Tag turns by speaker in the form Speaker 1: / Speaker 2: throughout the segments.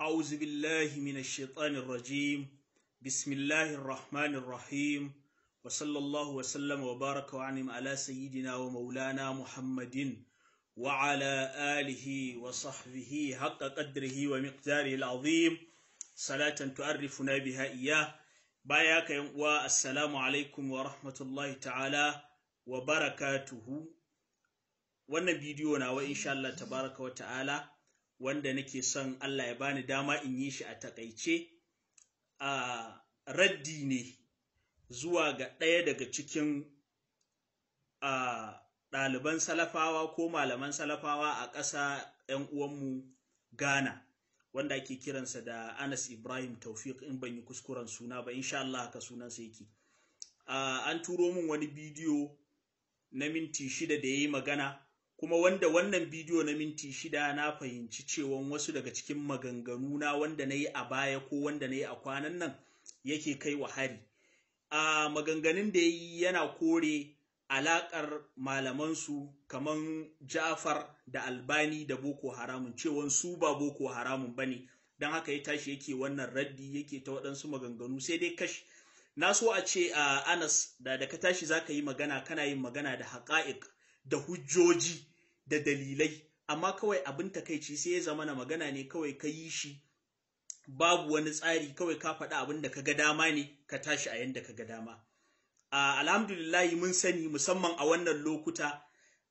Speaker 1: أعوذ بالله من الشيطان الرجيم بسم الله الرحمن الرحيم وصلى الله وسلم وبارك وعنم على سيدنا ومولانا محمد وعلى آله وصحبه حق قدره ومقداره العظيم صلاة تعرفنا بها إياه باياك والسلام عليكم ورحمة الله تعالى وبركاته wannan bidiyo nawa insha Allah tabaraka wa ta'ala wanda nake son Allah ya bani dama in yi shi a takaice a raddi ne zuwa ga ɗaya daga cikin ɗaliban salafawa ko malaman salafawa a ƙasa 'yan uwanmu Ghana wanda ake kiransa da Anas Ibrahim Taufik in ban yi kuskuren suna ba insha Allah haka sunansa yake an turo min wani bidiyo na minti shida da ya yi magana kuma wanda wannan bidiyo na minti shida na fahimci cewa wasu daga cikin maganganu na wanda na yi a baya ko wanda na yi a kwanan nan yake kai wa hari a maganganun da yi yana kore alaƙar malamansu kaman jafar da albani da boko haramun cewan su ba boko haramun ba ne don haka ya tashi yake wannan raddi yake ta waɗansu maganganu sai dai kashi na so a ce a anas da da ka tashi za ka yi magana kana yin magana da haƙa'ik da hujjoji da dalilai amma kawai abin takaici sai ya zama na magana ne kawai ka yi shi babu wani tsari kawai ka faɗa abin da ka ga dama ne ka tashi a yanda ka ga dama alhamdulillahi mun sani musamman a wannan lokuta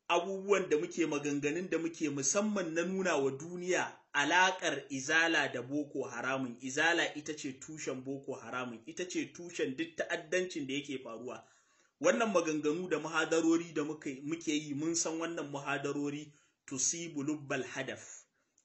Speaker 1: abubuwan da muke maganganun da muke musamman na nuna wa duniya alaƙar izala da boko haramun izala ita ce tushen boko haramun ita ce tushen duk ta'addancin da yake faruwa wannan maganganu da muhadarori da muke yi mun san wannan muhadarori to tusibu lubbal hadaf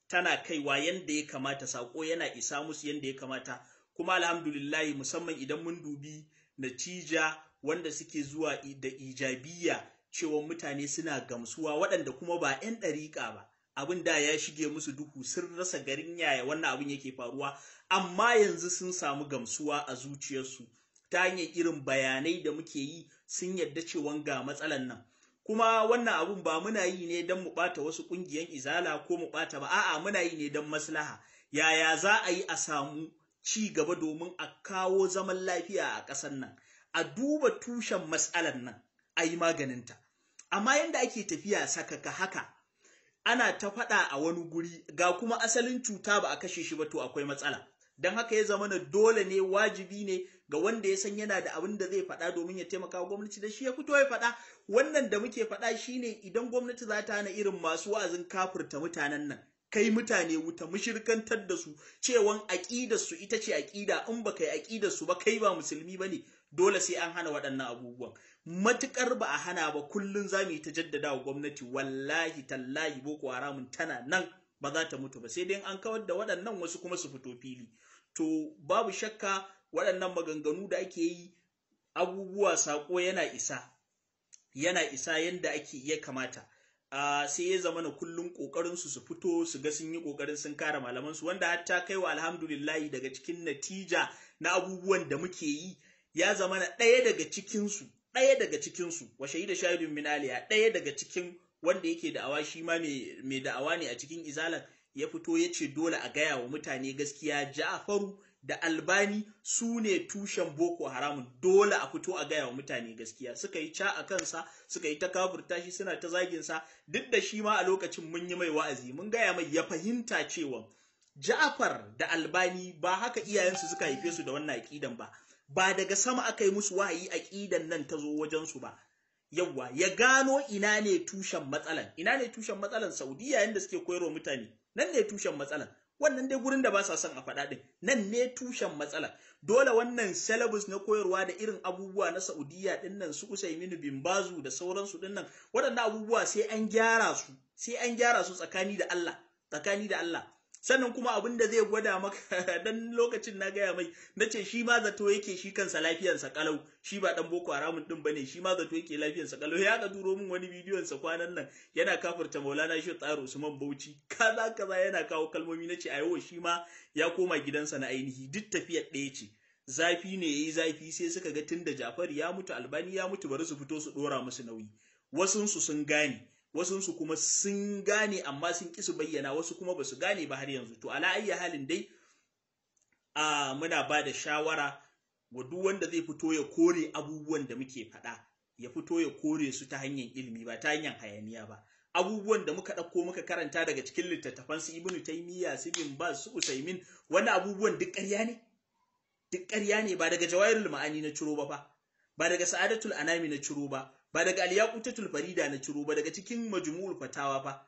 Speaker 1: tana kaiwa yanda ya kamata sako yana isa musu yanda ya kamata kuma lillahi musamman idan mun dubi natija wanda suke zuwa da ijabiya cewa mutane suna gamsuwa waɗanda kuma ba 'yan ɗariƙa ba abin da ya shige musu duhu sun rasa garin yaya wannan abin yake faruwa amma yanzu sun samu gamsuwa a zuciyarsu ta hanyar irin bayanai da muke yi sun yadda cewa ga matsalan nan kuma wannan abun ba muna yi ne don mu bata wasu ƙungiyan izala ko mu bata ba a'a muna yi ne don maslaha yaya za a yi a samu ci gaba domin a kawo zaman lafiya a ƙasar nan a duba tushen matsalar nan a yi maganinta amma yanda ake tafiya sakaka haka ana ta faɗa a wani guri ga kuma asalin cuta ba a kashe shi ba to akwai matsala don haka ya zama na dole ne wajibi ne ga wanda ya san yana da abin da zai faɗa domin ya taimaka wa gwamnati da shi ya fito ya faɗa wannan da muke faɗa shine idan gwamnati za ta hana irin masu wa'azin kafirta mutanen nan kai mutane wuta mushirkantar da su cewan aƙidar su ita ce aƙida in baka yi aƙidar su ba kai ba musulmi bane dole sai an hana waɗannan abubuwan matukar ba a hana ba kullun za mu yi ta jaddada wa gwamnati wallahi tallahi boko haramun tana nan ba za ta mutu ba sai dai an kawar da waɗannan wasu kuma su fito fili to babu shakka waɗannan maganganu da ake yi abubuwa saƙo yana isa yana isa yadda ake ya kamata uh, sai ya zama na kullum ƙoƙarin su su fito su ga sun yi ƙoƙarin sun kare malaman su wanda hatta kai wa alhamdulillahi daga cikin natija na abubuwan da muke yi ya zama na ɗaya daga cikin su ɗaya daga cikin su wa shahida shahidun min aliya ɗaya daga cikin wanda yake da'awa shi ma mai da'awa ne a cikin izalan ya fito ya ce dole a gaya wa mutane gaskiya ja'afaru da Albani su ne tushen Boko haramun. dole a fito a gaya wa mutane gaskiya suka yi ca a kansa suka yi ta kafurta shi suna ta zagin sa duk da shi ma a lokacin mun yi mai wa'azi mun gaya mai ya fahimta cewa ja'afar da Albani ba haka iyayensu suka haife su da wannan aƙidan ba ba daga sama aka yi musu wahayi aƙidan nan ta zo wajensu ba yawwa ya gano ina ne tushen matsalan ina ne tushen matsalan saudiya yanda suke koyarwa mutane nan ne tushen matsalan wannan dai gurin da ba sa son a faɗa ɗin nan ne tushen matsalan dole wannan syllabus na koyarwa da irin abubuwa na saudiya din nan su usaiminu bin bazu da sauransu din nan waɗannan abubuwa sai an gyara su sai an gyara su tsakani da allah tsakani da allah sannan kuma abin da zai gwada maka dan lokacin na gaya mai na ce shi ma zato yake shi kansa lafiyarsa kalau shi ba dan boko haramun din bane shi ma zato yake lafiyarsa kalau ya ga duro min wani bidiyon sa kwanan nan yana kafirta Maulana shi Tsaro Usman Bauchi kaza kaza yana kawo kalmomi na ce ayo shi ma ya koma gidansa na ainihi duk tafiyar ɗaya ce zafi ne yayi zafi sai suka ga tunda Jafar ya mutu Albani ya mutu bari su fito su dora musu nauyi su sun gane wasunsu kuma sun gane amma sun ƙi su bayyana wasu kuma basu gane ba har yanzu to ala halin dai a muna ba da shawara wa duk wanda zai fito ya kore abubuwan da muke faɗa ya fito ya kore su ta hanyar ilimi ba ta hanyar hayaniya ba abubuwan da muka ɗauko muka karanta daga cikin littattafan su ibnu taymiya su bin ba su usaimin wannan abubuwan duk ƙarya ne duk ƙarya ne ba daga jawairul ma'ani na ciro ba ba daga sa'adatul anami na ciro ba ba daga aliyakutatul farida na ciro ba daga cikin majmu'ul fatawa fa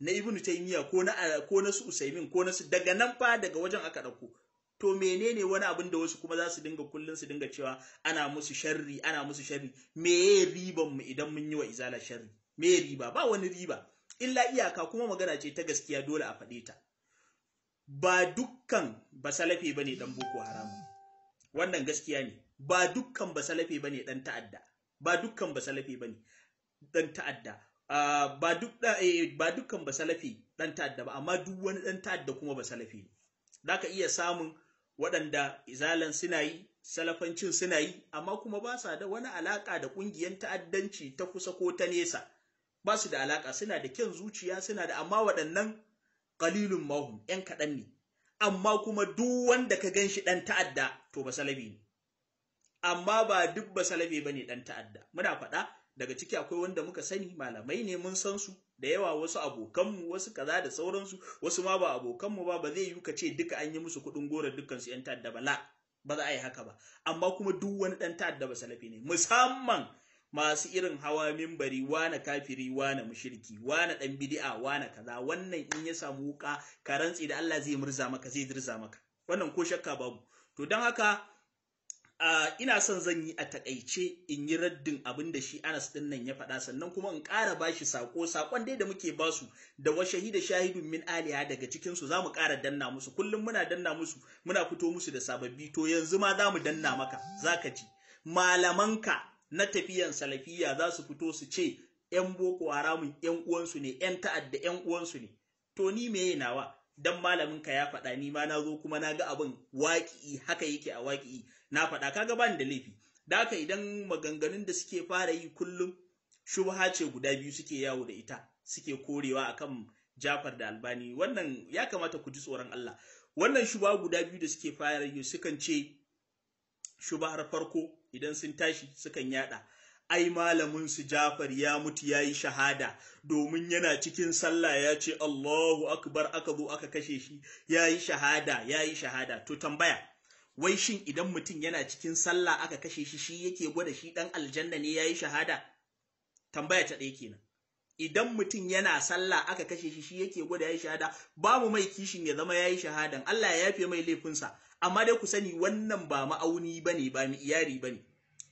Speaker 1: na ibnu taymiya ko na ko na su usaimin ko na su daga nan fa daga wajen aka dauko to menene wani abin da wasu kuma za su dinga kullun su dinga cewa ana musu sharri ana musu sharri ye riban mu idan mun yi wa izala sharri ye riba ba wani riba illa iyaka kuma magana ce ta gaskiya dole a faɗe ta ba dukkan basalafe bane dan boko haram wannan gaskiya ne ba dukkan basalafe bane dan ta'adda ba dukkan ba salafi ne dan ta'adda ah, eh, ba dukkan ba salafi dan ta'adda ba amma duk wani dan ta'adda kuma ba salafi ne zaka iya samun waɗanda izalan suna yi salafancin suna yi amma kuma ba sa da wani alaƙa da ƙungiyar ta'addanci ta kusa ko ta nesa ba su da alaƙa, suna da kyan zuciya suna da amma waɗannan qalilun mahum yan kaɗan ne amma kuma duk wanda ka ganshi shi ɗan ta'adda to ba salafi ne amma ba duk ba salabe ne dan ta'adda muna faɗa daga ciki akwai wanda muka sani malamai ne mun san su da yawa wasu abokanmu wasu kaza da sauransu wasu ma ba abokanmu ba ba zai yi ce duka an yi musu kuɗin gora dukkan su yan ta'adda ba la ba za a yi haka ba amma kuma duk wani dan ta'adda ba salafi ne musamman masu irin hawa mimbari wana kafiri wane mushriki wana dan bid'a wana kaza wannan in ya samu wuka ka rantsi da Allah zai murza maka zai dirza maka wannan ko shakka babu to don haka ina son zan yi a takaice in yi raddin abin da shi Anas din nan ya faɗa sannan kuma in ƙara bashi saƙo. Saƙon dai da muke basu da wa shahida shahidun min aliya daga cikin su zamu ƙara danna musu kullum muna danna musu muna fito musu da sababbi to yanzu ma zamu danna maka zaka ji ka na tafiyan salafiya za su fito su ce yan boko haramun yan uwansu ne yan ta'adda yan uwansu ne to ni meye nawa dan malamin ka ya faɗa ni ma na zo kuma na ga abin waƙi haka yake a waƙi'i na faɗa kaga bani da laifi da haka idan maganganun da suke fara yi kullum shubha ce guda biyu suke yawo da ita suke korewa akan Jafar da Albani wannan ya kamata ku ji tsoron Allah wannan shubha guda biyu da suke fara yi sukan ce shubhar farko idan sun tashi sukan yada ai malamin su Jafar ya mutu yayi shahada domin yana cikin sallah ya ce Allahu akbar aka zo aka kashe shi yayi shahada yayi shahada to tambaya wai shin idan mutum yana cikin sallah aka kashe shi shi yake gwada shi dan aljanna ne yayi shahada tambaya ta ɗaya kenan idan mutum yana sallah aka kashe shi shi yake gwada yayi shahada babu mai kishin ya zama yayi shahadan Allah ya yafe mai laifinsa amma dai ku sani wannan ba ma'auni bane ba iyari bane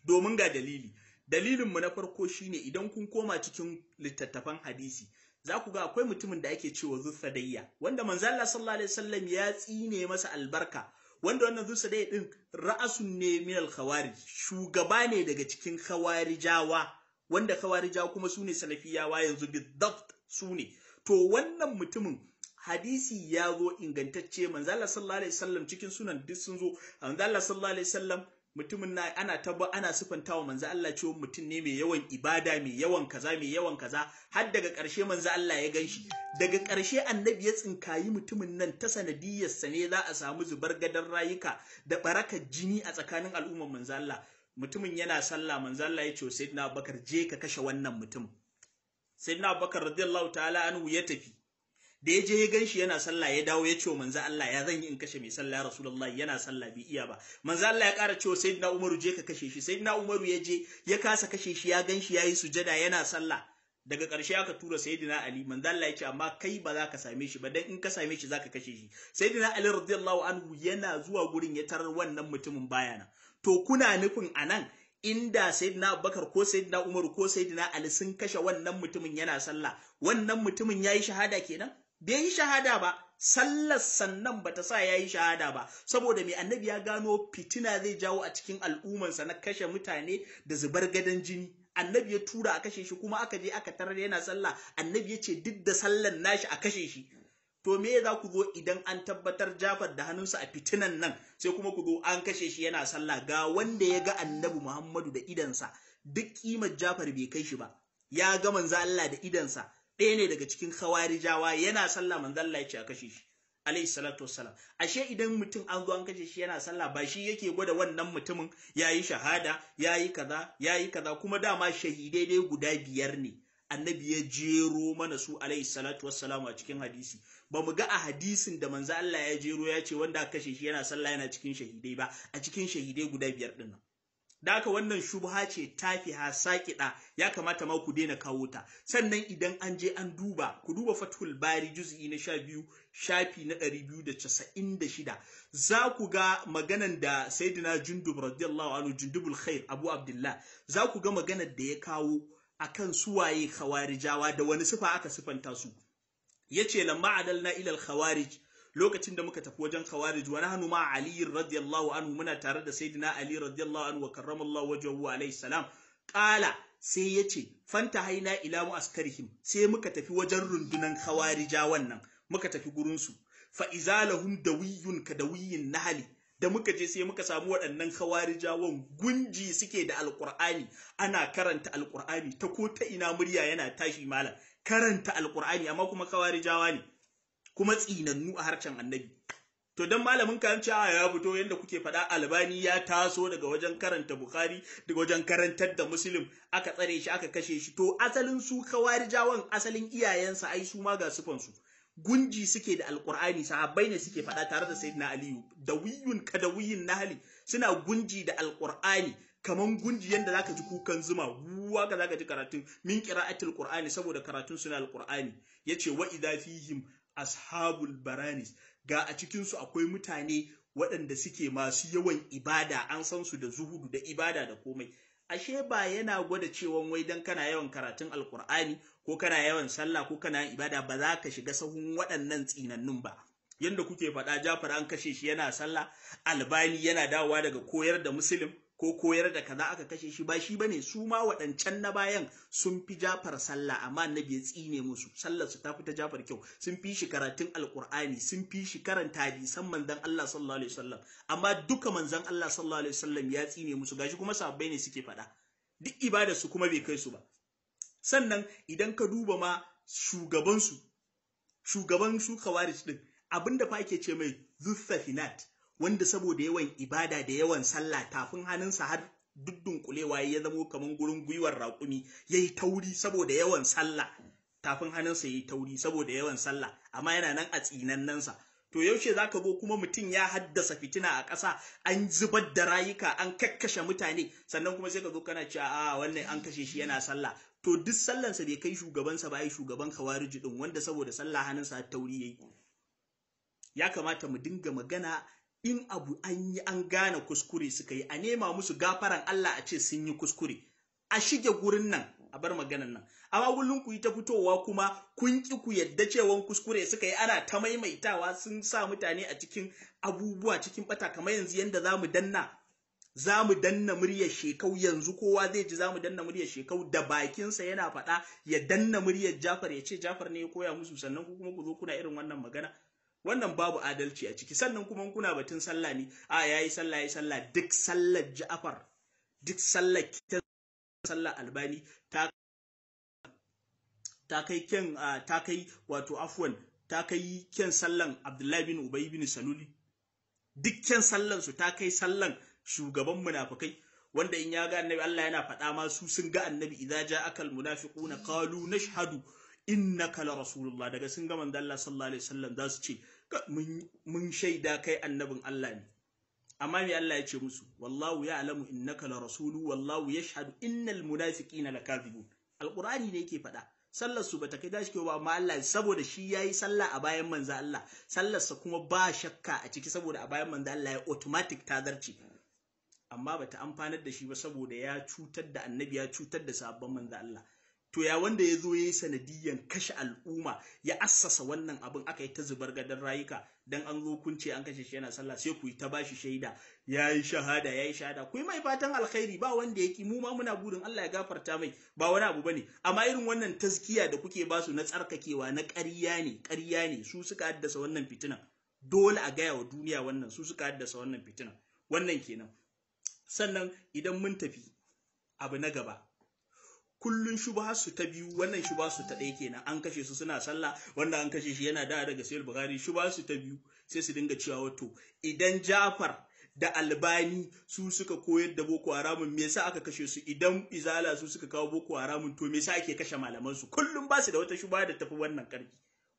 Speaker 1: domin ga dalili dalilin mu na farko shine idan kun koma cikin littattafan hadisi za ku ga akwai mutumin da ake cewa zuffadayya wanda manzo Allah sallallahu alaihi wasallam ya tsine masa albarka wanda wannan zulsadai din ra'asun ne min alkhawari, shugaba ne daga cikin khawarijawa wanda khawarijawa kuma sune salafiyawa yanzu su sune to wannan mutumin hadisi ya zo ingantacce manzo Allah sallallahu alaihi wasallam cikin sunan duk sun zo manzo Allah sallallahu alaihi wasallam mutumin na ana tabba ana wa manzo Allah cewa mutum ne mai yawan ibada mai yawan kaza mai yawan kaza har daga ƙarshe manzo Allah ya ganshi daga ƙarshe annabi ya tsinkayi mutumin nan ta sanadiyar sa ne za a samu zubar gadar rayuka da barakar jini a tsakanin al'ummar manzo Allah mutumin yana sallah manzo Allah ya ce sayyidina Abubakar je ka kashe wannan mutum sayyidina Abubakar radiyallahu ta'ala anhu ya tafi da ya je ya gan shi yana sallah ya dawo ya ce manzo Allah ya zan yi in kashe mai sallah rasulullahi yana sallah bi iya ba manzo Allah ya ƙara cewa sayyidina Umaru je ka kashe shi sayyidina Umaru ya je ya kasa kashe shi ya gan shi yayi sujada yana sallah daga ƙarshe aka tura sayyidina Ali manzo Allah ya ce amma kai ba za ka same shi ba dan in ka same shi zaka kashe shi sayyidina Ali radiyallahu anhu yana zuwa gurin ya tarar wannan mutumin bayana to kuna nufin anan inda sayyidina Abubakar ko sayyidina Umaru ko sayyidina Ali sun kashe wannan mutumin yana sallah wannan mutumin yayi shahada kenan bai yi shahada ba sallar sannan bata sa ya yi shahada ba saboda mai annabi ya gano fitina zai jawo a cikin al'ummarsa na kashe mutane da zubar gadon jini annabi ya tura a kashe shi kuma aka je aka tarar yana sallah annabi ya ce duk da sallan nashi a kashe shi to me za ku zo idan an tabbatar jafar da hannunsa a fitinan nan sai kuma ku zo an kashe shi yana sallah ga wanda ya ga annabi muhammadu da idansa duk kimar jafar bai kai shi ba ya ga manzo Allah da idansa ɗaya ne daga cikin khawarijawa yana sallah manzo Allah ya ce a kashe shi alayhi salatu wassalam ashe idan mutum an zo an kashe shi yana sallah ba shi yake gwada wannan mutumin yayi shahada yayi kaza yayi kaza kuma dama shahidai dai guda biyar ne annabi ya jero mana su alayhi salatu wassalam a cikin hadisi ba mu ga a hadisin da manzo Allah ya jero ya ce wanda aka kashe shi yana sallah yana cikin shahidai ba a cikin shahidai guda biyar din nan Daka wannan shubha ce tafi hasaƙiɗa ya kamata ma ku daina kawo ta sannan idan an je an duba ku duba fathul bari juz'i na sha biyu shafi na ɗari biyu da casa'in da shida za ku ga maganan da sayyidina jundub radiyallahu anhu jundubul khair abu abdullah za ku ga maganar da ya kawo akan suwaye khawarijawa da wani sifa aka sifanta su yace lamma adalna ilal khawarij lokacin da muka tafi wajen khawarij wa nahnu ma ali radiyallahu anhu muna tare da sayyidina ali radiyallahu anhu wa karramallahu wajhahu alayhi salam qala sai yace fanta haina ila mu'askarihim sai muka tafi wajen rundunan khawarija wannan muka tafi gurin su fa izalahum dawiyun ka dawiyin hali. da muka je sai muka samu waɗannan khawarijawan gunji suke da alƙur'ani ana karanta alƙur'ani ta ko ta ina murya yana tashi malam karanta alƙur'ani amma kuma khawarijawa ne kuma tsinannu a harshen annabi to don malamin ka ce ah, ya fito yanda kuke faɗa albani ya taso daga wajen karanta bukhari daga wajen karantar da muslim aka tsare shi aka kashe shi to asalin su kawarijawan asalin iyayensa ai su ma ga sufan su gunji suke da alkur'ani sahabbai ne suke faɗa tare da sayyidina aliyu da wiyun kadawiyun nahali suna gunji da alkur'ani kaman gunji yanda zaka ji kukan zuma wuwa ka zaka ji karatun min qira'atul qur'ani saboda karatun suna alkur'ani yace wa idha fihim ashabul baranis ga a cikinsu akwai mutane waɗanda suke masu yawan ibada an san su da zuhudu da ibada da komai ashe ba yana gwada cewa wai dan kana yawan karatun alkur'ani ko kana yawan sallah ko kana ibada ba za ka shiga sahun waɗannan tsinannun ba yanda kuke faɗa Jafar an kashe shi yana sallah Albani yana dawowa daga koyar da musulun. ko koyar da kaza aka kashe shi ba shi bane su ma waɗancan na bayan sun fi Jafar sallah amma annabi ya tsine musu sallar su ta fi ta Jafar kyau sun fi shi karatun alkur'ani sun fi shi karanta hadisan manzon Allah sallallahu alaihi wasallam amma duka manzon Allah sallallahu alaihi wasallam ya tsine musu gashi kuma sahabbai ne suke faɗa duk ibadar su kuma bai kai su ba sannan idan ka duba ma shugaban su shugaban su khawarij din abinda fa ake ce mai zuffafinat wanda saboda yawan ibada da yawan sallah tafin hannunsa har duk kulewa ya zamo kaman gurin gwiwar raƙumi ya yi tauri saboda yawan sallah tafin hannunsa ya yi tauri saboda yawan sallah amma yana nan a tsinannansa to yaushe za ka go kuma mutum ya haddasa fitina a ƙasa an zubar da rayuka an kakkashe mutane sannan kuma sai ka zo kana cewa a wannan an kashe shi yana sallah to duk sallansa bai kai shugabansa ba shugaban kawariji din wanda saboda sallah hannunsa tauri yayi ya kamata mu dinga magana in abu an yi an gane kuskure suka yi a nema musu gafaran Allah a ce sun yi kuskure a shige gurin nan a bar maganan nan amma kullum ku yi ta fitowa kuma kun ki ku yadda cewa kuskure suka yi ana ta maimaitawa sun sa mutane a cikin abubuwa cikin bata kamar yanzu yanda zamu danna zamu danna muryar shekau yanzu kowa zai ji zamu danna muryar shekau da bakinsa yana faɗa ya danna muryar Jafar ya ce Jafar ne ya koya musu sannan ku kuma ku zo kuna irin wannan magana wannan babu adalci a ciki sannan kuma kuna batun sallah ne a yayi sallah yayi sallah duk sallar Ja'far duk sallar kitan sallar Albani ta ta kai kyan ta kai wato afwan ta kai kyan sallan Abdullahi bin Ubay bin Saluli duk kyan sallan su ta kai sallan shugaban munafikai wanda in ya ga annabi Allah yana faɗa ma su sun ga annabi idza ja'aka munafiquna qalu nashhadu innaka la rasulullah daga sun ga manzo Allah sallallahu alaihi wasallam za su ce mun shaida kai annabin Allah ne amma me Allah ya ce musu wallahu ya ya'lamu innaka la rasulu wallahu yashhadu innal munafiqina lakazibun alqur'ani ne yake faɗa sallar su bata kai dashi ba amma Allah saboda shi yayi sallah a bayan manzo Allah sallar sa kuma ba shakka a ciki saboda a bayan manzo Allah ya automatic tazarci amma bata amfanar da shi ba saboda ya cutar da annabi ya cutar da sabon manzo Allah to ya wanda ya zo ya yi sanadiyan kashe al'umma ya assasa wannan abin aka yi ta zubar gadon rayuka dan an zo kunce an kashe shi yana sallah sai ku yi ta bashi shaida ya yi shahada ya yi shahada ku yi mai fatan alkhairi ba wanda ya ki mu ma muna burin Allah ya gafarta mai ba wani abu bane amma irin wannan tazkiya da kuke ba su na tsarkakewa na ƙarya ne ƙarya ne su suka haddasa wannan fitina. dole a gaya wa duniya wannan su suka haddasa wannan fitina. wannan kenan sannan idan mun tafi abu na gaba kullun shubha su ta biyu wannan shubha su ta ɗaya kenan an kashe su suna sallah wanda an kashe shi yana da daga sayar bukari shubha su ta biyu sai su dinga cewa wato idan jafar da albani su suka koyar da boko haramun me yasa aka kashe su idan izala su suka kawo boko haramun to me yasa ake kashe malaman su kullum ba su da wata shubha da tafi wannan karfi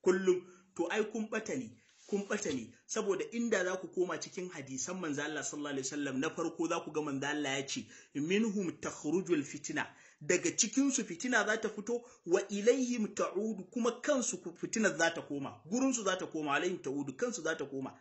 Speaker 1: kullum to ai kun bata ne kun ɓata ne saboda inda za ku koma cikin hadisan manzo Allah sallallahu alaihi wasallam na farko za ku ga manzo Allah ya ce minhum takhrujul fitna daga cikinsu fitina za ta fito wa ilayhim ta'udu kuma kansu fitinar za ta koma gurinsu za ta koma alayhim ta'udu kansu za ta koma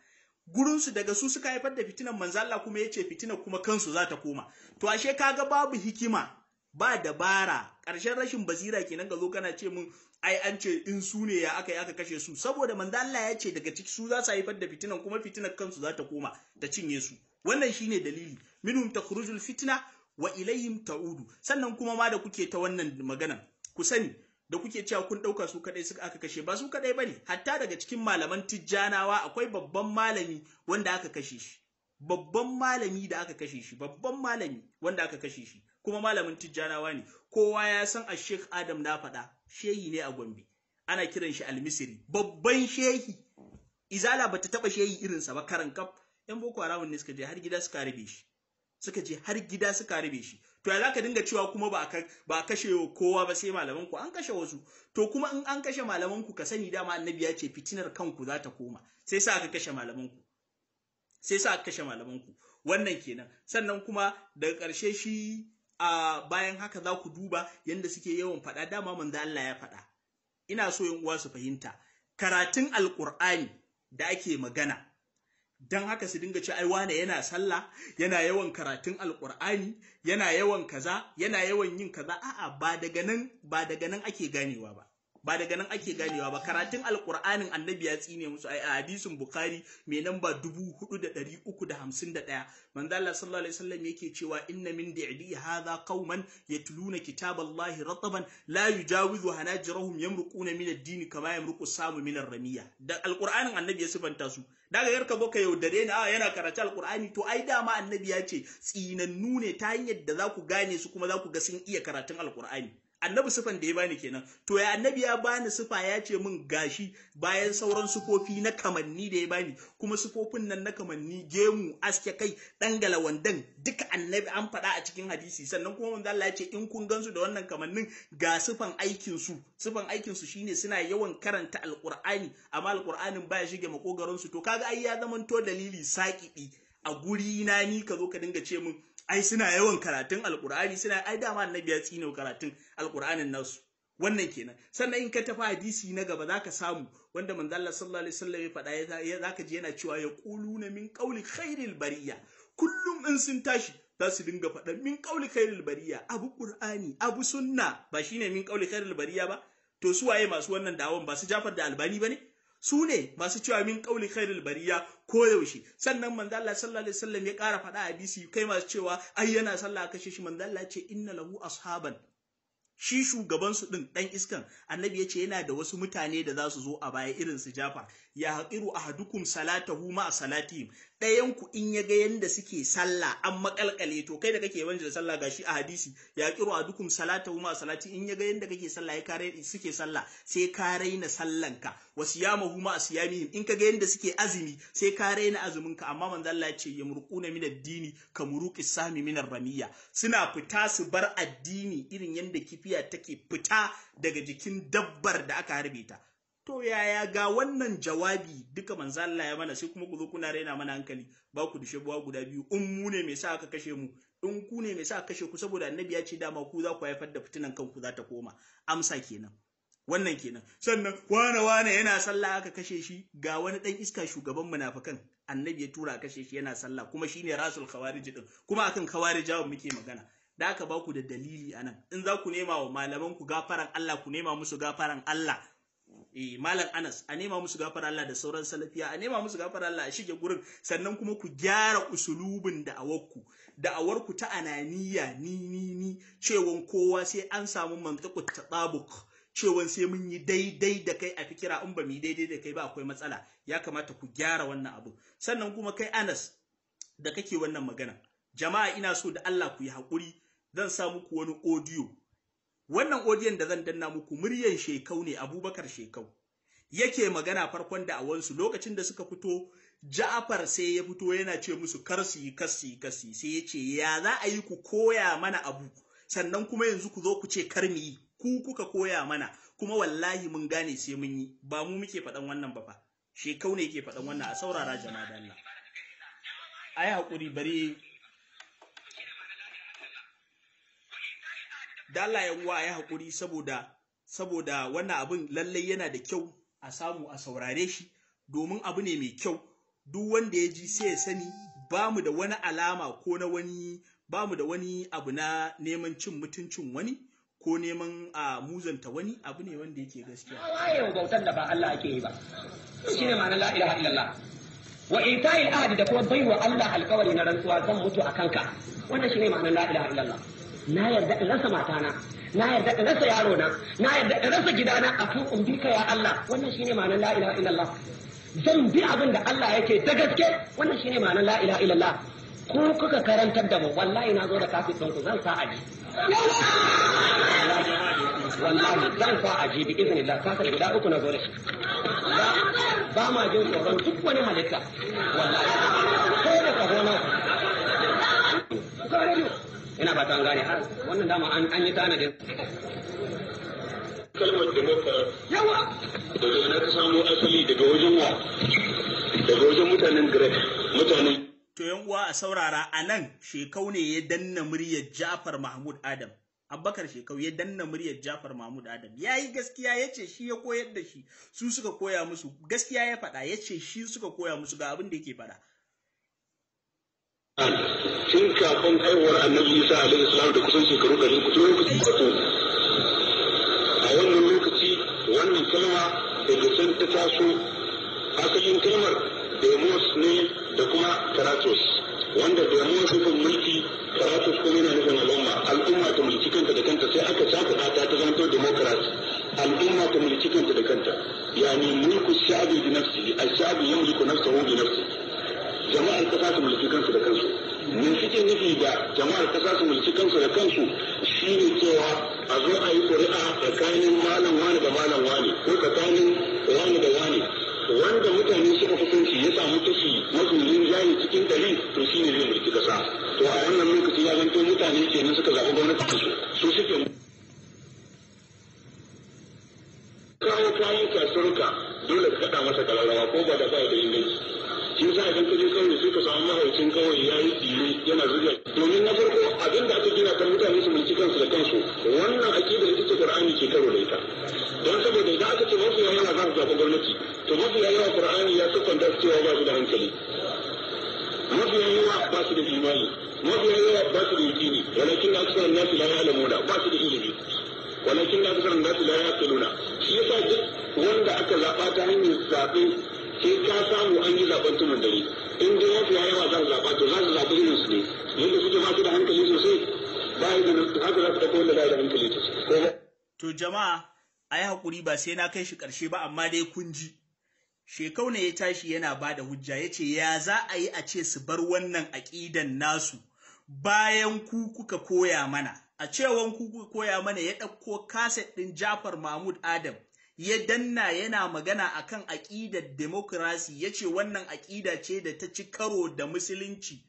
Speaker 1: gurinsu daga su suka haifar da fitinan manzo Allah kuma yace fitinar kuma kansu za ta koma to ashe kaga babu hikima ba dabara ƙarshen rashin basira kenan ga zo kana ce mun ai an ce in su ne ya aka yi aka kashe su saboda manzo Allah ya ce daga ciki su za su haifar da fitinan kuma fitinar kansu za ta koma ta cinye su wannan shine dalili minhum takhrujul fitna wa ilayhim ta'udu sannan kuma ma da kuke ta wannan magana ku sani da kuke cewa kun dauka su kadai suka aka kashe ba su kadai bane hatta daga cikin malaman tijjanawa akwai babban malami wanda aka kashe shi babban malami da aka kashe shi babban malami wanda aka kashe shi kuma malamin tijjanawa ne kowa ya san a sheikh adam na faɗa shehi ne a gombe ana kiran shi almisiri babban shehi izala bata taba shehi irinsa ba karan kaf yan boko haramun ne suka je har gida suka rabe shi suka je har gida suka rube shi to ya zaka dinga cewa kuma ba ba kashe kowa ba sai malaman ku an kashe wasu to kuma in an kashe malaman ku ka sani dama annabi ya ce fitinar kanku za ta koma sai sa aka kashe malaman ku sai sa aka kashe malaman ku wannan kenan sannan kuma daga karshe shi a bayan haka za ku duba yanda suke yawan faɗa dama manzo Allah ya faɗa ina so yan uwa su fahimta karatun alqur'ani da ake magana don haka su dinga ce ai wane yana sallah yana yawan karatun alkur'ani yana yawan kaza yana yawan yin kaza a'a ba daga nan ba daga nan ake ganewa ba ba daga nan ake ganewa ba karatun alkur'anin annabi ya tsine musu a hadisin bukhari mai namba 4351 manzo Allah sallallahu alaihi wasallam yake cewa inna min di'di hadha qauman yatluna kitaballahi rataban la yujawizu hanajirahum yamruquna min ad-din kama yamruqu samu min ar-ramiya da alkur'anin annabi ya sifanta su daga yarka ka yaudare ni a ah, yana karatu alkur'ani to ai dama annabi ya ce tsinannu ne ta hanyar da za ku gane su kuma za ku ga sun iya karatun alkur'ani annabi sifan da ya bani kenan to ya annabi ya bani sifa ya ce min gashi bayan sauran sufofi na kamanni da ya bani kuma sufofin nan na kamanni gemu aske kai dan galawandan duka annabi an faɗa a cikin hadisi sannan kuma manzo Allah ya ce in kun gansu da wannan kamannin ga sifan aikin su sifan aikin su shine suna yawan karanta alqur'ani amma alqur'anin baya shige makogaron su to kaga ai ya zamanto dalili saƙiɗi a guri na ni ka zo ka dinga ce min ai suna yawan karatun alkur'ani suna ai dama annabi ya tsino karatun alkur'anin nasu wannan kenan sannan in ka tafi hadisi na gaba zaka samu wanda manzo Allah sallallahu alaihi wasallam ya faɗa zaka ji yana cewa ya quluna min qawli khairil bariya kullum in sun tashi za su dinga faɗan min qawli khairil bariya abu qur'ani abu sunna ba shine min qawli khairil bariya ba to suwaye masu wannan dawon ba su Jafar da Albani bane su ne masu cewa min kauli khairul bariya ko yaushe sannan manzo Allah sallallahu alaihi wasallam ya ƙara faɗa bisi kai masu cewa ai yana sallah kashe shi manzo Allah ce inna lahu ashaban shi shugaban su din dan iskan annabi yace yana da wasu mutane da za su zo a baya irin su jafa. ya haƙiru a hadukum salata ma a salatihim ɗayan ku in ya ga yanda suke sallah an maƙalƙale to kai da kake wanje da sallah gashi a hadisi ya haƙiru a hadukum salata ma a salati in ya ga yanda kake sallah ya kare suke sallah sai ka raina sallanka wa siyamahu ma a siyamihim in ka ga yanda suke azumi sai ka raina azuminka amma manzo Allah ya ce yamruquna min ad-dini ka muruqi sami min ramiya suna fita su bar addini irin yadda kifiya take fita daga jikin dabbar da aka harbe ta to yaya ga wannan jawabi duka manzo Allah ya mana sai kuma ku zo kuna raina mana hankali ba ku dishe buwa guda biyu in mu ne me sa aka kashe mu in ku ne me sa aka kashe ku saboda annabi ya ce dama ku za ku haifar da fitinan kanku za ta koma amsa kenan wannan kenan sannan wane wane yana sallah aka kashe shi ga wani dan iska shugaban munafikan annabi ya tura kashe shi yana sallah kuma shine rasul khawarij din kuma akan khawarijawan muke magana da aka ba ku da dalili anan in za ku nema wa malaman ku gafaran Allah ku nema musu gafaran Allah eh malam Anas a nema musu gafara Allah da sauran salafiya a nema musu gafara Allah a shige gurin sannan kuma ku gyara usulubin da awarku ta ananiya ni ni ni cewon kowa sai an samu mantaku tatabuk cewon sai mun yi daidai da kai a fikira in ba mu yi daidai da kai ba akwai matsala ya kamata ku gyara wannan abu sannan kuma kai Anas da kake wannan magana jama'a ina so da Allah ku yi hakuri zan sa muku wani audio wannan audio da zan danna muku muryan shekau ne abubakar shekau yake magana farkon da da'awansu lokacin da suka fito Jafar sai ya fito yana ce musu kar su yi kasi kasi sai ya ce ya za a yi ku koya mana abu sannan kuma yanzu ku zo ku ce kar mu yi ku kuka koya mana kuma wallahi mun gane sai mun yi ba mu muke faɗan wannan ba fa shekau ne yake faɗan wannan a saurara jama'a da Allah ai hakuri bari da Allah ya uwa ya haƙuri saboda saboda wannan abin lallai yana da kyau a samu a saurare shi domin abu ne mai kyau duk wanda ya ji sai ya sani ba mu da wani alama ko na wani ba mu da wani abu na neman cin mutuncin wani ko neman a muzanta wani abu ne wanda yake gaskiya ayo bautar da ba Allah ake yi ba shine ma'anar la ilaha illallah
Speaker 2: wa ita'il ahdi da kuma baiwa Allah alƙawari na rantsuwa zan mutu akan ka wannan shine ma'anar la ilaha illallah na yarda in rasa matana na yarda in rasa yaro na na yarda in rasa gidana akan in bi ka ya Allah wannan shine ma'anar la ilaha illallah zan bi abin da Allah yake ta gaske wannan shine ma'anar la ilaha illallah ko kuka karantar da mu wallahi na zo da kafin ku zan sa aji wallahi zan sa aji bi iznillah kafin guda uku na zo da shi ba ma jin tsoron duk wani halitta wallahi ina ba ta gane har wannan dama an yi tanadin kalmar democrat yawa
Speaker 1: daga yana ta samu asali daga wajen wa daga wajen mutanen grek mutanen to yan uwa a saurara a nan shekau ne ya danna muryar jafar mahmud adam abbakar shekau ya danna muryar jafar mahmud adam ya yi gaskiya ya ce shi ya koyar da shi su suka koya musu gaskiya ya faɗa ya ce shi suka koya musu ga abin da yake faɗa
Speaker 2: tun kafin haihuwar annabi isa alaihi salam da kusan shekaru ɗari kusan lokaci wato a wannan lokaci wannan kalma daga can ta taso asalin kalmar demos ne da kuma karatos wanda demos nufin mulki karatos kuma yana nufin al'umma al'umma ta mulki kanta da kanta sai aka saka ta ta zanto democrat al'umma ta mulki kanta da kanta yani mulku shabi bi nafsi al-sha'abi yamliku nafsahu bi nafsihi jama'ar kasa su mulki kansu da kansu mun suke nufi da jama'ar kasa su mulki kansu da kansu shi ne cewa a zo a yi ƙuri'a tsakanin malam wani da malam wani ko tsakanin wani da wani wanda mutane suka fi kusanci ya samu kashi mafi rinjaye cikin ɗari to shi ne zai mulki kasa to a wannan lokaci ya zanto mutane nan suka zaɓi gwamnati su su suke region domin na farko abin da aka gina kan mutane su mulki kansu da kansu wannan akidar ita Qur'ani ke karo da ita don saboda idan aka ce mafiya yawa za su zaɓi gwamnati to mafiya yawa Qur'ani ya siffanta su cewa ba su da hankali mafiya yawa ba su da imani mafiya yawa ba su da yakini walakin da aka aksar nasu la ya'lamuna ba su da ilimi walakin da aka aksar nasu la ya'qiluna shi yasa duk wanda aka zaɓa ta hanyar zaɓe sai ka samu an yi zaɓen
Speaker 1: tumin dare To jama'a a yi haƙuri ba sai na kai shi ƙarshe ba amma dai kun ji. Shekau ne ya tashi yana ba da hujja ya ce ya za a yi a ce su bar wannan aƙidan nasu bayan ku kuka koya mana. A cewan ku kuka koya mana ya ɗauko kaset ɗin Jafar Mahmud Adam ya danna yana magana akan aƙidar demokrasi yace wannan aƙida ce da ta ci karo da musulunci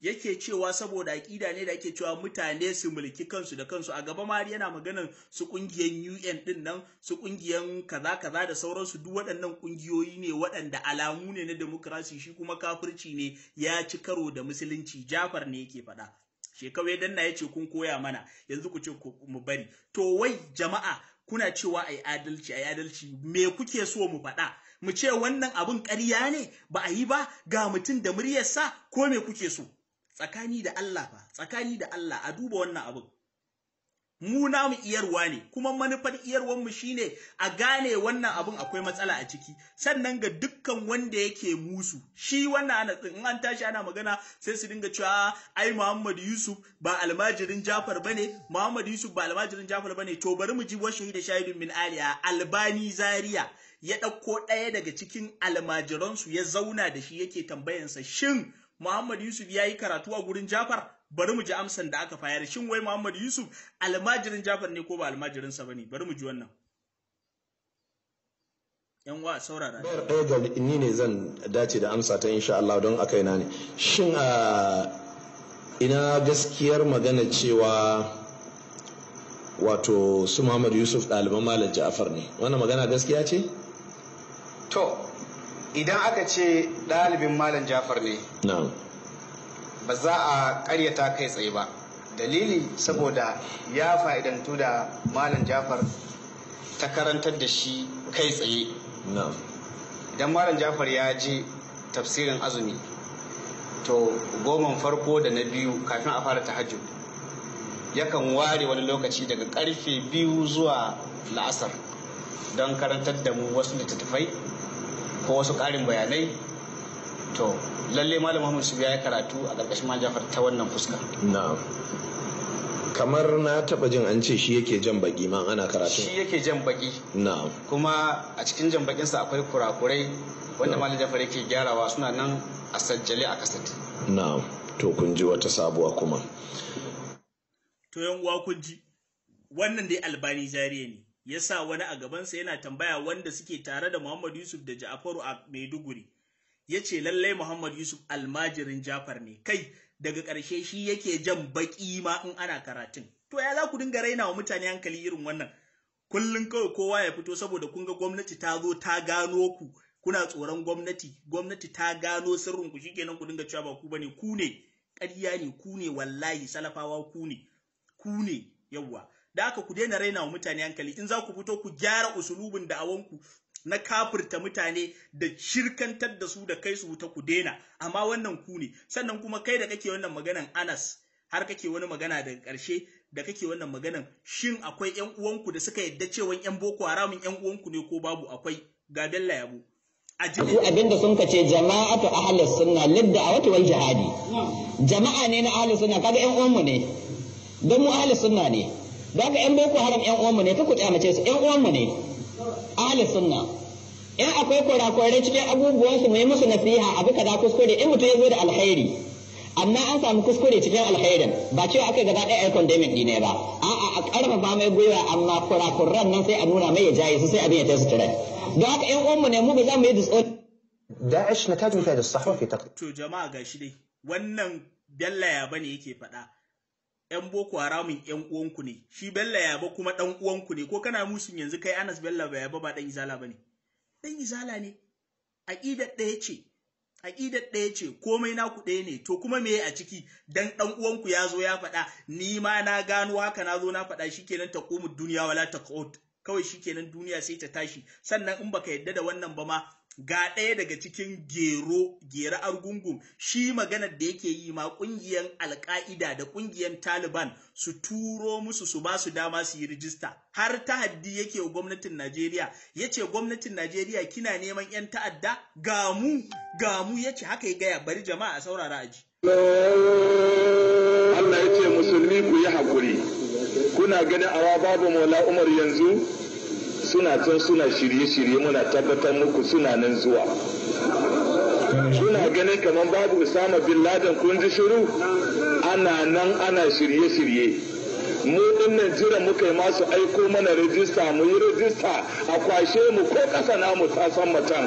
Speaker 1: yake cewa saboda aƙida ne da ake cewa mutane su mulki kansu da kansu a gaba ma yana maganan su ƙungiyar UN din nan su ƙungiyar kaza kaza da sauransu duk waɗannan ƙungiyoyi ne waɗanda alamu ne na demokrasi shi kuma kafirci ne ya ci karo da musulunci Jafar ne yake faɗa shekau ya danna ya ce kun koya mana yanzu ku ce mu bari to wai jama'a kuna cewa ai adalci ai adalci me kuke so mu faɗa mu ce wannan abun ƙarya ne ba a yi ba ga mutum da muryarsa ko me kuke so tsakani da Allah fa tsakani da Allah a duba wannan abun mu namu iyarwa ne kuma manufar iyarwan mu shine a gane wannan abun akwai matsala a ciki sannan ga dukkan wanda yake musu shi wannan ana in an tashi ana magana sai su dinga cewa ai Muhammad Yusuf ba almajirin Jafar bane Muhammad Yusuf ba almajirin Jafar bane to bari mu ji wa shahida shahidun min aliya albani zaria ya ɗauko ɗaya daga cikin almajiransu ya zauna da shi yake tambayansa shin Muhammad Yusuf ya yi karatu a gurin Jafar bari mu ji amsan da aka fayar shin wai Muhammad Yusuf almajirin Jafar ne ko ba almajirin sa bane bari mu ji wannan yan wa saurara bayar
Speaker 2: ɗaya ga ni ne zan dace da amsa ta insha Allah don akai na ne shin a ina gaskiyar magana
Speaker 1: cewa wato su Muhammad Yusuf ɗaliban Malam Ja'far ne wannan magana gaskiya ce to idan aka ce ɗalibin Malam Ja'far ne na'am ba za a karyata kai tsaye ba dalili saboda ya fa'idantu da malam jafar ta karantar da shi kai tsaye idan malam jafar ya je tafsirin azumi to goman farko da na biyu kafin a fara tahajjud yakan ware wani lokaci daga karfe biyu zuwa la'asar don karantar da mu wasu littattafai ko wasu ƙarin bayanai to lalle malam Muhammad Subiya ya karatu a ƙarƙashin Malam Jafar ta wannan fuska
Speaker 2: na'am kamar na taba jin an ce shi yake jan baki ma ana karatu shi
Speaker 1: yake jan baki kuma a cikin jan bakin sa akwai kurakurai wanda malam Jafar yake gyarawa suna nan a sajjale a kasat
Speaker 2: na'am to kun ji wata sabuwa kuma
Speaker 1: to yan uwa kun ji wannan dai albani jariya ne ya sa wani a gabansa yana tambaya wanda suke tare da Muhammad Yusuf da Ja'faru a Maiduguri ya ce lallai Muhammad Yusuf almajirin Jafar ne kai daga ƙarshe shi yake jan baƙi ma in ana karatun to ya za ku dinga raina wa mutane hankali irin wannan kullum kawai kowa ya fito saboda kun ga gwamnati ta zo ta gano ku kuna tsoron gwamnati gwamnati ta gano sirrin ku shikenan ku dinga cewa ba ku bane ku ne ƙarya ne ku ne wallahi salafawa ku ne ku ne yawwa da aka ku daina raina wa mutane hankali in za ku fito ku gyara usulubin da'awanku na kafirta mutane da shirkantar da su da kai su wuta ku daina amma wannan ku ne sannan kuma kai da kake wannan maganan Anas har kake wani magana daga ƙarshe da kake wannan maganan shin akwai ƴan uwanku da suka yadda cewa ƴan boko haramun ƴan uwanku ne ko babu akwai ga Bello yabo su abinda sun kace ce jama'atu ahlus sunna lidda a wata wal jihadi jama'a ne na ahlus sunna kaga ƴan uwanmu ne
Speaker 2: don mu ahlus sunna ne daga ƴan boko haram ƴan uwanmu ne ka ku kyamace su ƴan uwanmu ne ahli sunna in akwai kurakurai cikin abubuwan su mai musu nasiha abu kaza kuskure in mutum ya zo da alkhairi amma an samu kuskure cikin alkhairin ba cewa aka gaba ɗaya aikon damin ɗine ba a'a a ba mai gwiwa amma kurakuran nan sai a nuna mai ya jaye su sai abin ya tasu tare don haka yan uwanmu ne mu ba za mu yi disorder Da'ish na tajin kai da
Speaker 1: sahwa fi To jama'a gashi dai wannan Bello ya bane yake faɗa 'yan boko haramun 'yan uwanku ne shi bella yaba kuma ɗan uwanku ne ko kana musun yanzu kai anas bella ba yaba ba ɗan izala ba ne ɗan izala ne aƙidar ɗaya ce aƙidar ɗaya ce komai naku ɗaya ne to kuma me a ciki dan ɗan uwanku ya zo ya faɗa ni ma na gano haka na zo na faɗa shikenan taqumu duniya wala taqut kawai shi shikenan duniya sai ta tashi sannan in baka yadda da wannan ba ma ga ɗaya daga cikin gero gera argungun shi maganar da yake yi ma ƙungiyar alka'ida da ƙungiyar taliban su turo musu su ba su dama su yi rijista har tahaddi yake wa gwamnatin najeriya ya ce gwamnatin najeriya kina neman 'yan ta'adda gamu gamu ya ce haka ya gaya bari jama'a a saurara
Speaker 2: aji Allah ya musulmi ku yi haƙuri kuna ganin awa babu mola umar yanzu suna can suna shirye-shirye muna tabbatar muku suna nan zuwa suna ganin kamar babu usama bin laden kun ji shiru ana nan ana shirye-shirye mu dinnan jira muka yi masu aiko mana rajista mu yi rajista a kwashe mu ko ƙasa namu ta san matan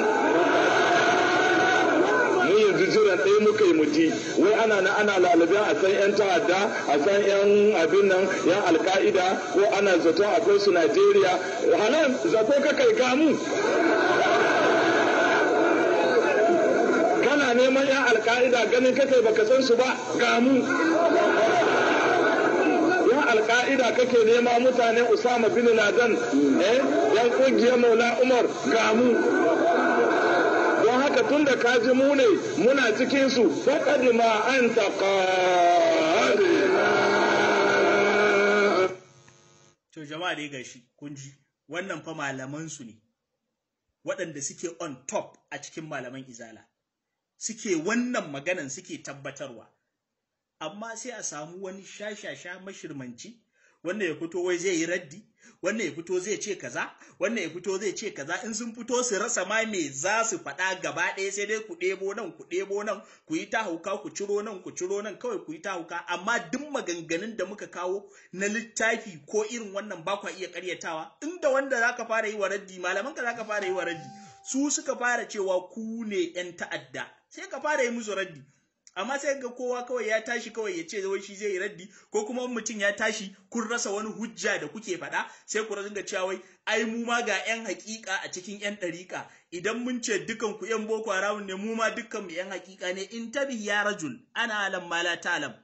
Speaker 2: jira ɗaya muka yi muti wai ana na ana lalaben a san yan ta'adda a san yan abin nan yan alka'ida ko ana zato akwai su najeriya halan zato ka kai gamu kana neman yan alka'ida ganin kai baka san su ba gamu yan alka'ida kake nema mutane usama bin ladan eh yan kungiyar maula umar gamu tun da ka ji mu muna cikin su faqad ma anta qadina
Speaker 1: to jama'a dai gashi kun ji wannan fa malaman su ne waɗanda suke on top a cikin malaman izala suke wannan maganan suke tabbatarwa amma sai a samu wani shashasha mashirmanci wannan ya fito wai zai yi raddi wannan ya fito zai ce kaza wannan ya fito zai ce kaza in sun fito su rasa ma me za su faɗa gaba ɗaya sai dai ku ɗebo nan ku ɗebo nan ku yi ta hauka ku ciro nan ku ciro nan kawai ku yi ta hauka amma duk maganganun da muka kawo na littafi ko irin wannan ba kwa iya ƙaryatawa inda wanda za ka fara yi wa raddi malaman ka za ka fara yi wa raddi su suka fara cewa ku ne 'yan ta'adda sai ka fara yi musu raddi amma sai ga kowa kawai ya tashi kawai ya ce wai shi zai yi raddi ko kuma mutum ya tashi kun rasa wani hujja da kuke faɗa sai ku dinga cewa wai ai mu ma ga yan hakika a cikin yan ɗariƙa idan mun ce dukan ku yan boko haram ne mu ma dukkan mu yan hakika ne in tabi ya rajul ana alam ma ta'lam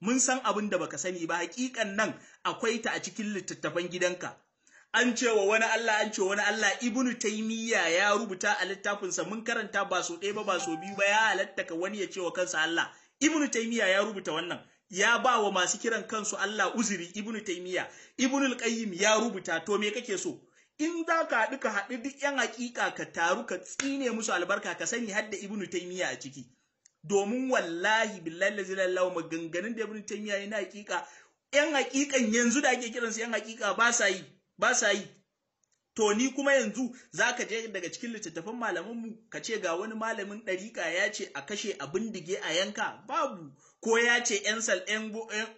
Speaker 1: mun san abin da baka sani ba hakikan nan akwai ta a cikin littattafan gidanka an cewa wani Allah an cewa wani Allah ibnu taymiya ya rubuta a littafinsa mun karanta ba so ɗaya ba ba so biyu ba ya halatta ka wani ya wa kansa Allah ibnu taymiya ya rubuta wannan ya ba wa masu kiran kansu Allah uzuri ibnu taymiya ibnu al-qayyim ya rubuta to me kake so in za ka haɗu ka haɗu duk yan hakika ka taru ka tsine musu albarka ka sani hadda ibnu taymiya a ciki domin wallahi billahi lallahu maganganun da ibnu taymiya yana hakika yan hakikan yanzu da ake kiransu yan hakika ba sa yi ba sa yi to ni kuma yanzu zaka je daga cikin littattafan mu ka ce ga wani malamin ɗariƙa ya ce a kashe a bindige a yanka babu ko ya ce yan sal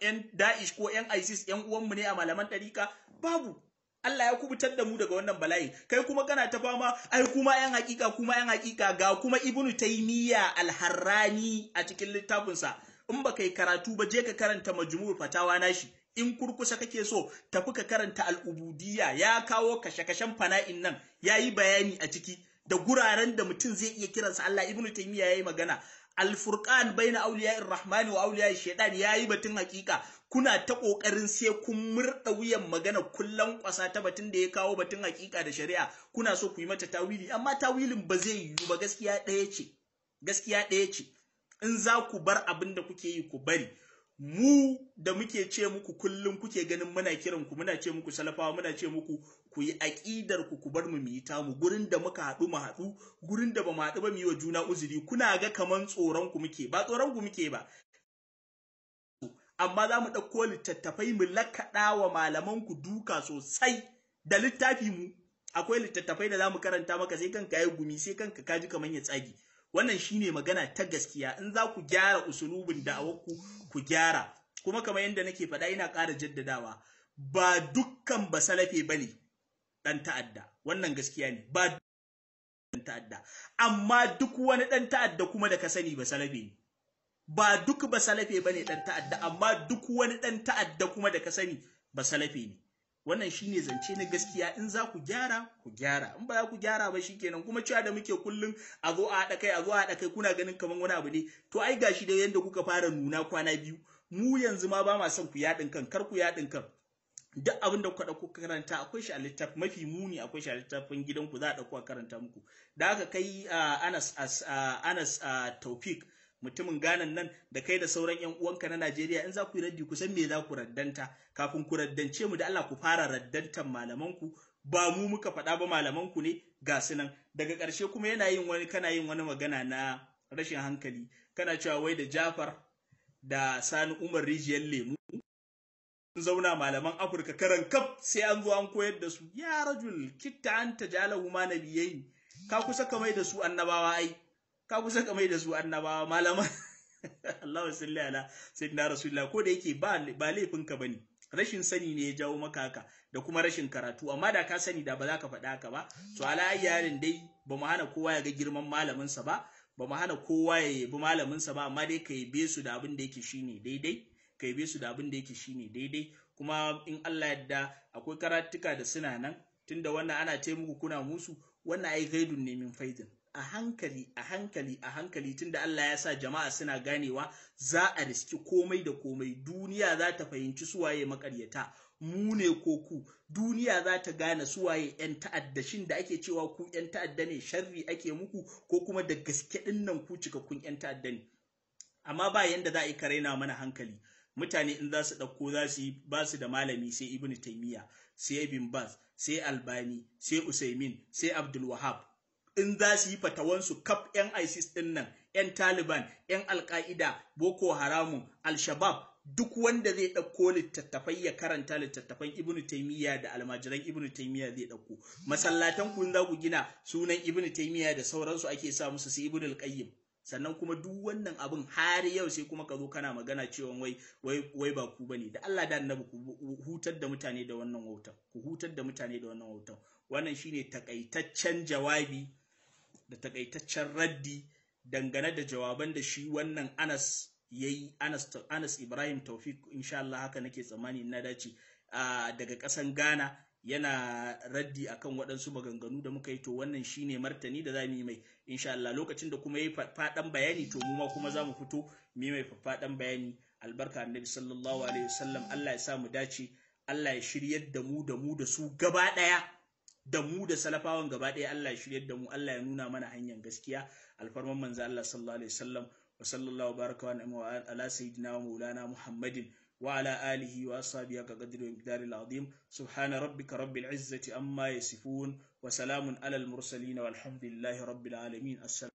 Speaker 1: yan da'ish ko yan isis yan uwanmu ne a malaman ɗariƙa babu Allah ya kubutar da mu daga wannan bala'i kai kuma kana ta fama ai kuma yan hakika kuma yan hakika ga kuma ibnu taymiya al-harrani a cikin littafinsa in baka yi karatu ba je ka karanta majmu'ul fatawa nashi in kurkusa kake so tafi ka karanta al'ubudiyya ya kawo kashe-kashen fana'in nan ya yi bayani a ciki da guraren da mutum zai iya kiransa Allah ibnu ya yi magana alfurkan baina awliya'ir rahmani wa awliya'ish ya yayi batun hakika kuna ta ƙoƙarin sai kun murda wuyan magana kullan kwasa ta batun da ya kawo batun hakika da shari'a kuna so ku yi mata tawili amma tawilin ba zai yiwu ba gaskiya ɗaya ce gaskiya ɗaya ce in za ku bar abin da kuke yi ku bari mu da muke ce muku kullum kuke ganin muna kiran ku muna ce muku salafawa muna ce muku ku yi aƙidar ku ku bar mu yi mu. gurin da muka haɗu mu haɗu gurin da ba mu haɗu ba mu yi wa juna uzuri kuna ga kaman tsoron ku muke ba tsoron ku muke ba amma za mu ɗauko littattafai mu lakaɗa wa malaman ku duka sosai da littafi mu akwai littattafai da za mu karanta maka sai kanka ya gumi sai kanka ji kaman ya tsagi wannan shine magana ta gaskiya in za ku gyara usulubin da'awarku ku gyara kuma kamar yadda nake faɗa ina ƙara jaddadawa ba dukkan ba ba ne ɗan ta'adda wannan gaskiya ne ba dan ta'adda amma duk wani ɗan ta'adda kuma da ka sani ba salafe ne ba duk ba ba ne ɗan ta'adda amma duk wani ɗan ta'adda kuma da ka sani ba salafe ne wannan shine zance na gaskiya in za ku gyara ku gyara in ba za ku gyara ba shikenan kuma cewa da muke kullum a zo a haɗa kai a zo a haɗa kai kuna ganin kamar wani abu ne to ai gashi da yanda kuka fara nuna kwana biyu mu yanzu ma ba ma son ku yaɗin kan kar ku yaɗin kan duk abin da kuka ɗauko karanta akwai shi a littafi mafi muni akwai shi a littafin gidanku za a ɗauko a karanta muku da aka kai ah, anas ah, anas ah, taufik mutumin ganan nan da kai da sauran yan uwanka na Najeriya in za ku yi raddi ku san me za ku raddanta kafin ku raddance mu da Allah ku fara raddantan malamanku ba mu muka faɗa ba malamanku ne ga su nan daga ƙarshe kuma yana yin wani kana yin wani magana na rashin hankali kana cewa wai da Jafar da Sani Umar rijiyar lemu sun zauna malaman Afirka karan kaf sai an zo an koyar da su ya rajul kitta an jalahu ma ka kusa kamai da su annabawa ai ka kusa ka mai da su annabawa malaman Allahu salli ala sayyidina rasulullah ko da yake ba ba laifin ka bane rashin sani ne ya jawo maka haka da kuma rashin karatu amma da ka sani da ba za ka faɗa haka ba to ala yarin dai ba mu hana kowa ya ga girman malamin sa ba ba mu hana kowa ya yabi malamin sa ba amma dai ka yabe su da abin da yake shine daidai ka yabe su da abin da yake shine daidai kuma in Allah yarda akwai karatuka da suna nan tunda wannan ana ce muku kuna musu wannan ai gaidun ne min faidin a hankali a hankali a hankali tunda Allah ya sa jama'a suna ganewa za a riski komai da komai duniya za ta fahimci suwaye makaryata mu ne ko ku duniya za ta gane suwaye yan ta'adda shin da ake cewa ku yan ta'adda ne sharri ake muku ko kuma da gaske din nan ku kun yan ta'adda ne amma ba yanda za a yi karaina mana hankali mutane in za su ɗauko za su yi ba su da malami sai ibnu taymiya sai ibn baz sai albani sai usaimin sai abdul wahab in za su yi su kaf 'yan ISIS ɗinnan nan, 'yan Taliban, 'yan Alƙa'ida, Boko Haramun, Al-Shabab, duk wanda zai ɗauko littattafai ya karanta littattafan ibnu Taymiyyah da almajiran ibnu Taymiyyah zai ɗauko. Masallatan ku za ku gina sunan ibnu Taymiyyah da sauransu ake sa musu su Ibn al-Qayyim. sannan kuma duk wannan abin har yau sai kuma ka zo kana magana cewa wai wai ba ku bane da Allah da annabi ku hutar da mutane da wannan wautan ku hutar da mutane da wannan wautan wannan shine takaitaccen jawabi da takaitaccen raddi dangane da jawaban da shi wannan Anas yayi Anas Anas Ibrahim Taufik insha Allah haka nake tsammani na dace daga ƙasan Ghana yana raddi akan waɗansu maganganu da muka yi to wannan shine martani da za mu yi mai insha Allah lokacin da kuma yi faɗan bayani to mu ma kuma za mu fito mu yi mai faɗan bayani albarka annabi sallallahu alaihi wasallam Allah ya sa mu dace Allah ya shiryar da mu da mu da su gaba ɗaya da mu da salafawan gaba ɗaya Allah ya shiryar da mu Allah ya nuna mana hanyar gaskiya alfarman manzo Allah sallallahu alaihi wasallam wa sallallahu baraka wa ala sayyidina wa maulana Muhammadin wa ala alihi wa ashabihi ka qadri wa miqdari azim subhana rabbika rabbil izzati amma yasifun wa salamun alal mursalin walhamdulillahi rabbil alamin